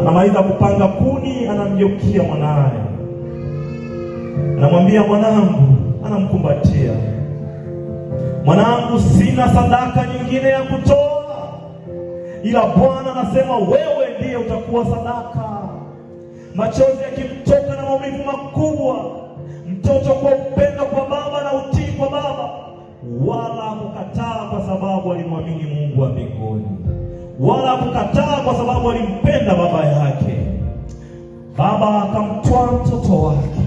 anamaliza kupanga kuni, anamgeukia mwanaye, anamwambia mwanangu, anamkumbatia mwanangu, sina sadaka nyingine ya kutoa, ila Bwana anasema wewe ndiye utakuwa sadaka. Machozi yakimtoka na maumivu makubwa, mtoto kwa upendo kwa baba na utii kwa baba, wala kukataa kwa sababu alimwamini Mungu wa mbinguni wala kukataa kwa sababu alimpenda baba yake. Baba akamtwaa mtoto wake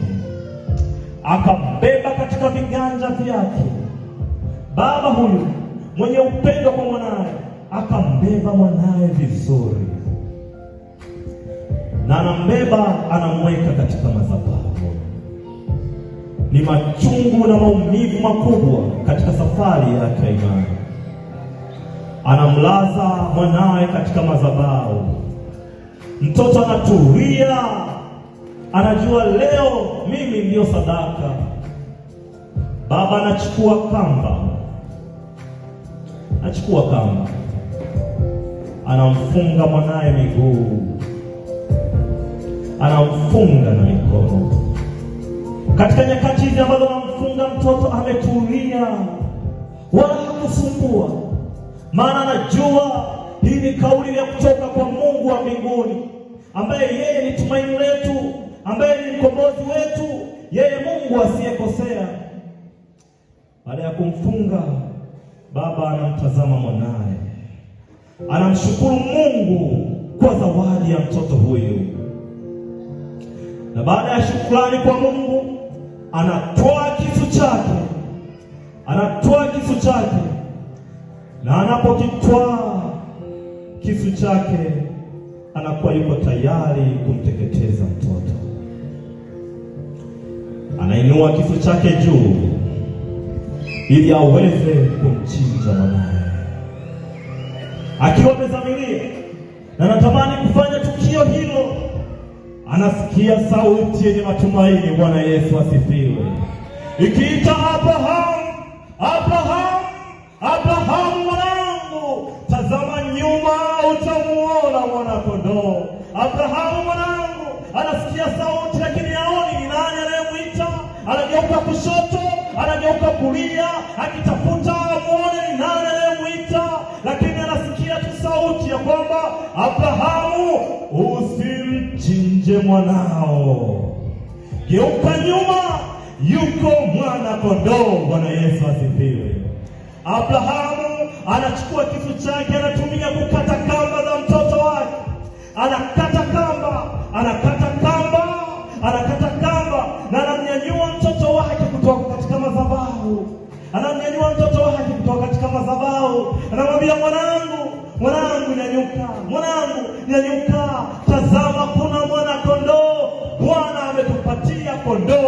akambeba katika viganja vyake. Baba huyu mwenye upendo kwa mwanaye akambeba mwanaye vizuri, na anambeba anamweka katika madhabahu. Ni machungu na maumivu makubwa katika safari yake ya imani anamlaza mwanawe katika madhabahu. Mtoto anatulia, anajua leo mimi ndiyo sadaka. Baba anachukua kamba, anachukua kamba, anamfunga mwanaye miguu, anamfunga na mikono. Katika nyakati hizi ambazo anamfunga mtoto, ametulia wala hakusumbua maana najua hii ni kauli ya kutoka kwa Mungu wa mbinguni, ambaye yeye ni tumaini letu, ambaye ni mkombozi wetu, yeye Mungu asiyekosea. Baada ya kumfunga, baba anamtazama mwanaye, anamshukuru Mungu kwa zawadi ya mtoto huyu, na baada ya shukrani kwa Mungu anatoa kisu chake, anatoa kisu chake na anapokitwaa kisu chake anakuwa yuko tayari kumteketeza mtoto. Anainua kisu chake juu ili aweze kumchinja mwanaye, akiwa amezamiria na anatamani kufanya tukio hilo. Anasikia sauti yenye matumaini. Bwana Yesu asifiwe, ikiita hapa hapa mwanakondoo. Abrahamu mwanangu anasikia sauti, lakini haoni ni nani anayemwita. Anageuka kushoto, anageuka kulia, akitafuta amuone ni nani anayemwita, lakini anasikia tu sauti ya kwamba Abrahamu, usimchinje mwanao, geuka nyuma, yuko mwana kondoo Bwana Yesu asifiwe. Abrahamu anachukua kisu chake, anatumia kukata kamba anakata kamba, anakata kamba, anakata kamba, na ananyanyua mtoto wake kutoka katika madhabahu, ananyanyua mtoto wake kutoka katika madhabahu, anamwambia mwanangu, mwanangu nyanyuka, mwanangu nyanyuka, tazama kuna mwana kondoo, Bwana ametupatia kondoo